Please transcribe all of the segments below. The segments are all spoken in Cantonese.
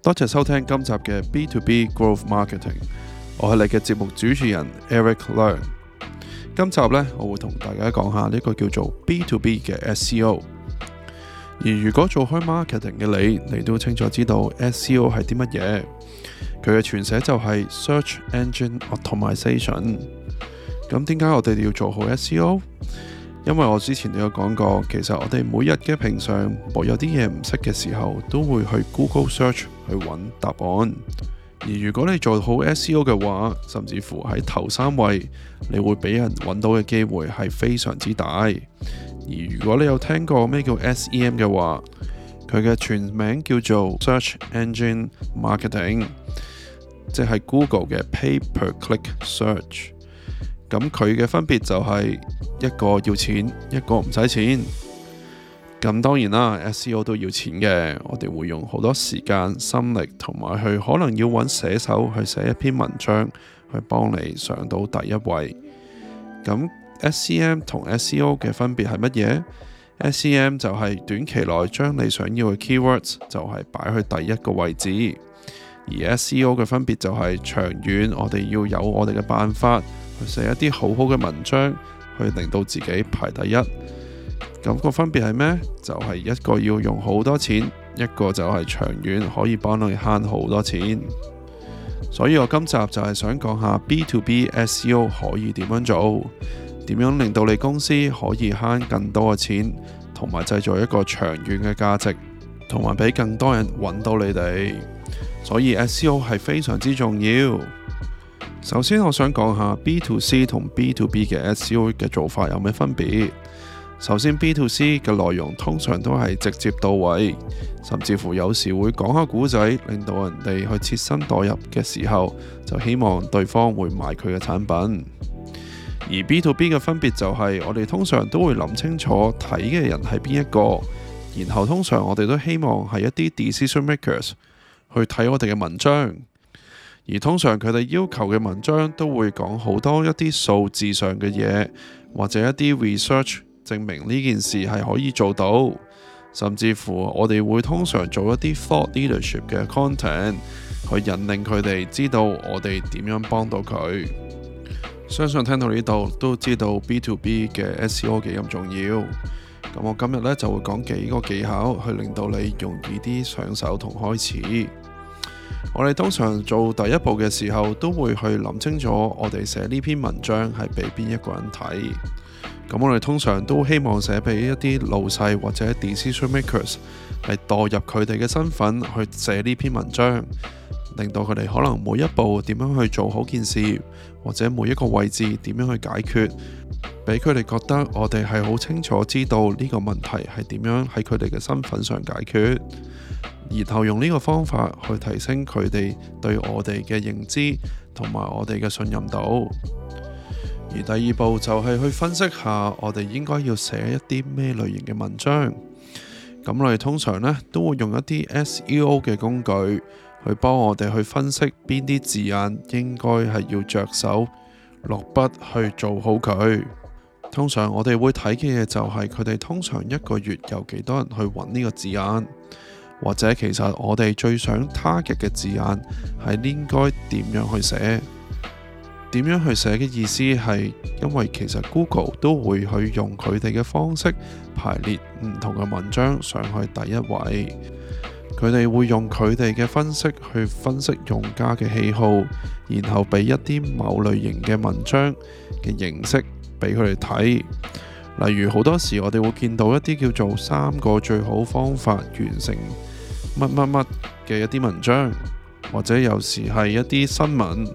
多謝收聽今集嘅 B to B Growth Marketing，我係你嘅節目主持人 Eric Learn。今集呢，我會同大家講下呢個叫做 B to B 嘅 SEO。而如果做開 marketing 嘅你，你都清楚知道 SEO 係啲乜嘢。佢嘅全寫就係 Search Engine Optimization。咁點解我哋要做好 SEO？因為我之前都有講過，其實我哋每日嘅平常，我有啲嘢唔識嘅時候，都會去 Google Search。去揾答案，而如果你做好 SEO 嘅話，甚至乎喺頭三位，你會俾人揾到嘅機會係非常之大。而如果你有聽過咩叫 SEM 嘅話，佢嘅全名叫做 Search Engine Marketing，即係 Google 嘅 Pay per Click Search。咁佢嘅分別就係一個要錢，一個唔使錢。咁當然啦，SEO 都要錢嘅，我哋會用好多時間、心力同埋去可能要揾寫手去寫一篇文章，去幫你上到第一位。咁 SCM 同 SEO 嘅分別係乜嘢？SCM 就係短期內將你想要嘅 keywords 就係擺去第一個位置，而 SEO 嘅分別就係長遠，我哋要有我哋嘅辦法去寫一啲好好嘅文章，去令到自己排第一。咁個分別係咩？就係一個要用好多錢，一個就係長遠可以幫你慳好多錢。所以我今集就係想講下 B to B SEO 可以點樣做，點樣令到你公司可以慳更多嘅錢，同埋製造一個長遠嘅價值，同埋俾更多人揾到你哋。所以 SEO 係非常之重要。首先，我想講下 B to C 同 B to B 嘅 SEO 嘅做法有咩分別？首先，B to C 嘅內容通常都係直接到位，甚至乎有時會講下古仔，令到人哋去切身代入嘅時候，就希望對方會買佢嘅產品。而 B to B 嘅分別就係，我哋通常都會諗清楚睇嘅人係邊一個，然後通常我哋都希望係一啲 decision makers 去睇我哋嘅文章，而通常佢哋要求嘅文章都會講好多一啲數字上嘅嘢，或者一啲 research。證明呢件事係可以做到，甚至乎我哋會通常做一啲 thought leadership 嘅 content，去引領佢哋知道我哋點樣幫到佢。相信聽到呢度都知道 B2B 嘅 SEO 幾咁重要。咁我今日呢，就會講幾個技巧去令到你容易啲上手同開始。我哋通常做第一步嘅時候，都會去諗清楚，我哋寫呢篇文章係俾邊一個人睇。咁我哋通常都希望寫俾一啲老細或者 decision makers，係代入佢哋嘅身份去寫呢篇文章，令到佢哋可能每一步點樣去做好件事，或者每一個位置點樣去解決，俾佢哋覺得我哋係好清楚知道呢個問題係點樣喺佢哋嘅身份上解決。然後用呢個方法去提升佢哋對我哋嘅認知同埋我哋嘅信任度。而第二步就係去分析下我哋應該要寫一啲咩類型嘅文章。咁我哋通常呢都會用一啲 SEO 嘅工具去幫我哋去分析邊啲字眼應該係要着手落筆去做好佢。通常我哋會睇嘅嘢就係佢哋通常一個月有幾多人去揾呢個字眼。或者其實我哋最想 target 嘅字眼係應該點樣去寫？點樣去寫嘅意思係，因為其實 Google 都會去用佢哋嘅方式排列唔同嘅文章上去第一位。佢哋會用佢哋嘅分析去分析用家嘅喜好，然後俾一啲某類型嘅文章嘅形式俾佢哋睇。例如好多時我哋會見到一啲叫做三個最好方法完成。乜乜乜嘅一啲文章，或者有時係一啲新聞，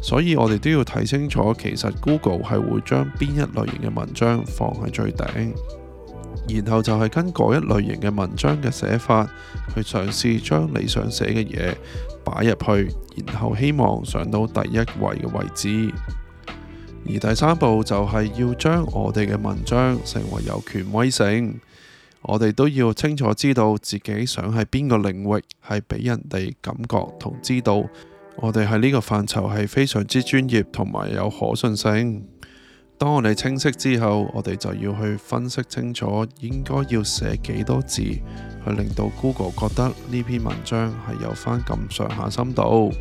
所以我哋都要睇清楚，其實 Google 係會將邊一類型嘅文章放喺最頂，然後就係跟嗰一類型嘅文章嘅寫法，去嘗試將你想寫嘅嘢擺入去，然後希望上到第一位嘅位置。而第三步就係要將我哋嘅文章成為有權威性。我哋都要清楚知道自己想喺邊個領域，係俾人哋感覺同知道我哋喺呢個範疇係非常之專業同埋有可信性。當我哋清晰之後，我哋就要去分析清楚應該要寫幾多字，去令到 Google 覺得呢篇文章係有翻咁上下深度。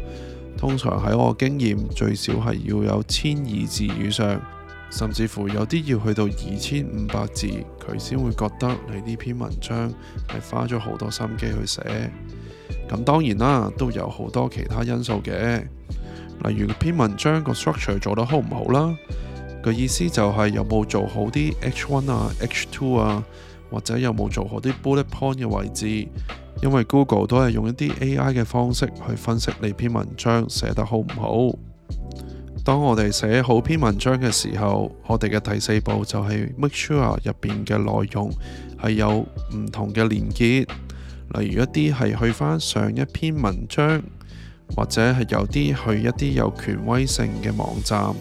通常喺我經驗，最少係要有千二字以上。甚至乎有啲要去到二千五百字，佢先會覺得你呢篇文章係花咗好多心機去寫。咁當然啦，都有好多其他因素嘅，例如篇文章個 structure 做得好唔好啦，個意思就係、是、有冇做好啲 H one 啊、H two 啊，或者有冇做好啲 bullet point 嘅位置。因為 Google 都係用一啲 AI 嘅方式去分析你篇文章寫得好唔好。當我哋寫好篇文章嘅時候，我哋嘅第四步就係 make sure 入邊嘅內容係有唔同嘅連結，例如一啲係去返上一篇文章，或者係有啲去一啲有權威性嘅網站，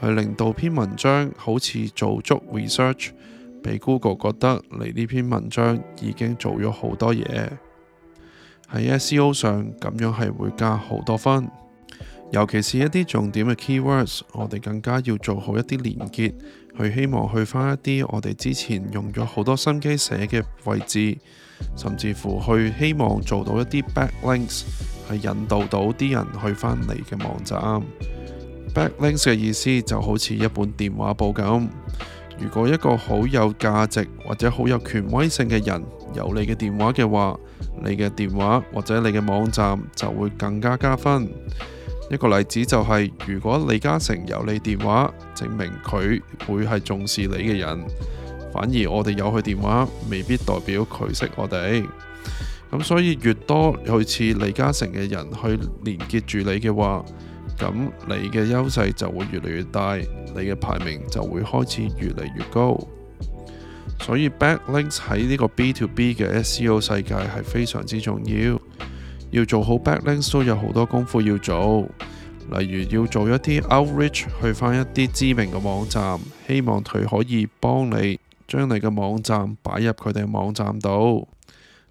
去令到篇文章好似做足 research，俾 Google 覺得你呢篇文章已經做咗好多嘢喺 SEO 上，咁樣係會加好多分。尤其是一啲重點嘅 keywords，我哋更加要做好一啲連結，去希望去翻一啲我哋之前用咗好多心機寫嘅位置，甚至乎去希望做到一啲 backlinks 係引導到啲人去翻你嘅網站。Backlinks 嘅意思就好似一本電話簿咁，如果一個好有價值或者好有權威性嘅人有你嘅電話嘅話，你嘅電話或者你嘅網站就會更加加分。一個例子就係、是，如果李嘉誠有你電話，證明佢會係重視你嘅人；反而我哋有佢電話，未必代表佢識我哋。咁所以，越多去似李嘉誠嘅人去連結住你嘅話，咁你嘅優勢就會越嚟越大，你嘅排名就會開始越嚟越高。所以，backlinks 喺呢個 B to B 嘅 SEO 世界係非常之重要。要做好 backlinks 都有好多功夫要做，例如要做一啲 outreach 去翻一啲知名嘅網站，希望佢可以幫你將你嘅網站擺入佢哋嘅網站度，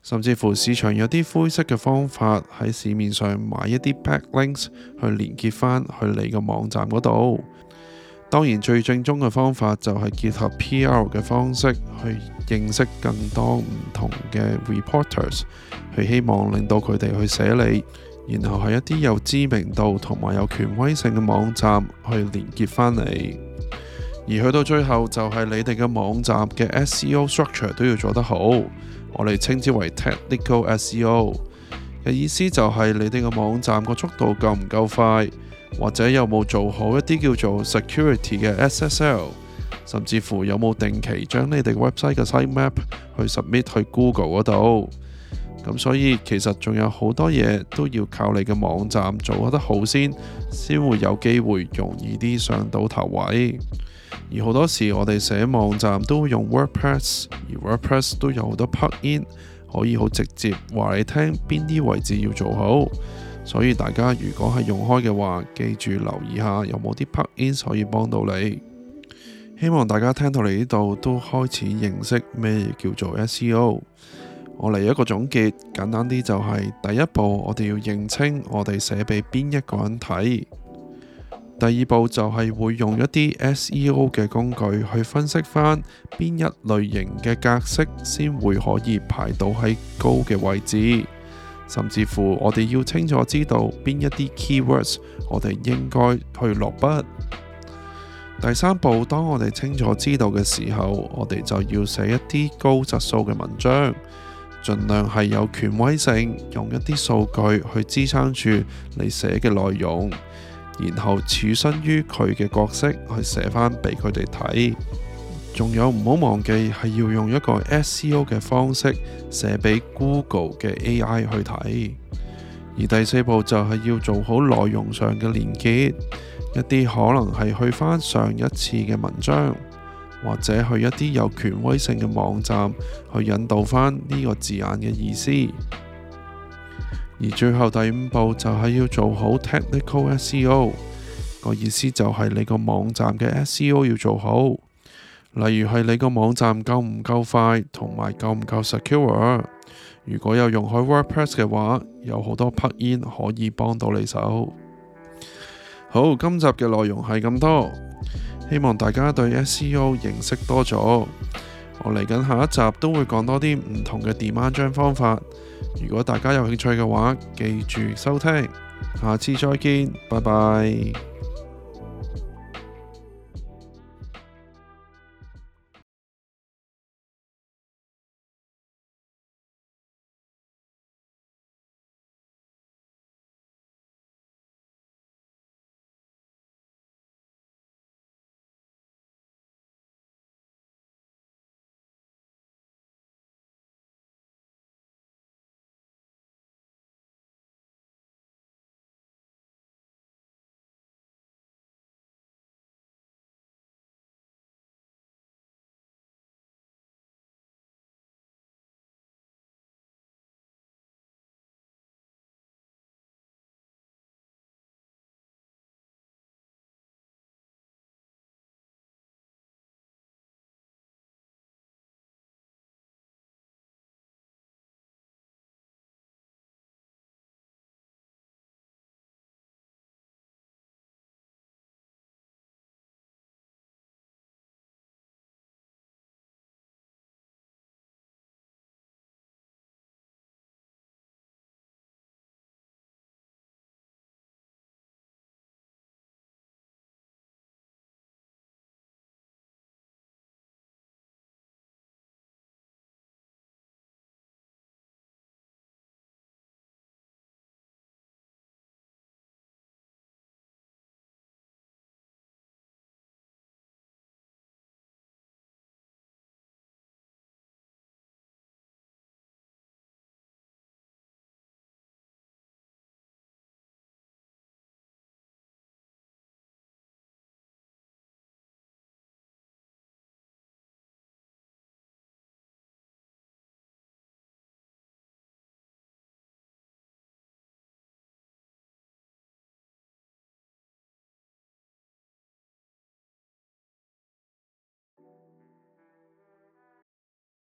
甚至乎市場有啲灰色嘅方法喺市面上買一啲 backlinks 去連結翻去你嘅網站嗰度。當然最正宗嘅方法就係結合 PR 嘅方式去認識更多唔同嘅 reporters，佢希望令到佢哋去寫你，然後喺一啲有知名度同埋有權威性嘅網站去連結翻你，而去到最後就係你哋嘅網站嘅 SEO structure 都要做得好，我哋稱之為 technical SEO 嘅意思就係你哋嘅網站個速度夠唔夠快？或者有冇做好一啲叫做 security 嘅 SSL，甚至乎有冇定期將你哋 website 嘅 sitemap 去 submit 去 Google 度？咁所以其實仲有好多嘢都要靠你嘅網站做得好先，先會有機會容易啲上到頭位。而好多時我哋寫網站都會用 WordPress，而 WordPress 都有好多 plug-in 可以好直接話你聽邊啲位置要做好。所以大家如果係用開嘅話，記住留意下有冇啲 plugins 可以幫到你。希望大家聽到嚟呢度都開始認識咩叫做 SEO。我嚟一個總結，簡單啲就係第一步，我哋要認清我哋寫俾邊一個人睇。第二步就係會用一啲 SEO 嘅工具去分析翻邊一類型嘅格式先會可以排到喺高嘅位置。甚至乎，我哋要清楚知道邊一啲 keywords，我哋應該去落筆。第三步，當我哋清楚知道嘅時候，我哋就要寫一啲高質素嘅文章，盡量係有權威性，用一啲數據去支撐住你寫嘅內容，然後處身於佢嘅角色去寫翻俾佢哋睇。仲有唔好忘記係要用一個 SEO 嘅方式寫俾 Google 嘅 A I 去睇。而第四步就係要做好內容上嘅連結，一啲可能係去翻上一次嘅文章，或者去一啲有權威性嘅網站去引導翻呢個字眼嘅意思。而最後第五步就係要做好 Technical SEO，個意思就係你個網站嘅 SEO 要做好。例如係你個網站夠唔夠快，同埋夠唔夠 secure。如果有用開 WordPress 嘅話，有好多 plugin 可以幫到你手。好，今集嘅內容係咁多，希望大家對 SEO 認識多咗。我嚟緊下一集都會講多啲唔同嘅 demand gen 方法。如果大家有興趣嘅話，記住收聽，下次再見，拜拜。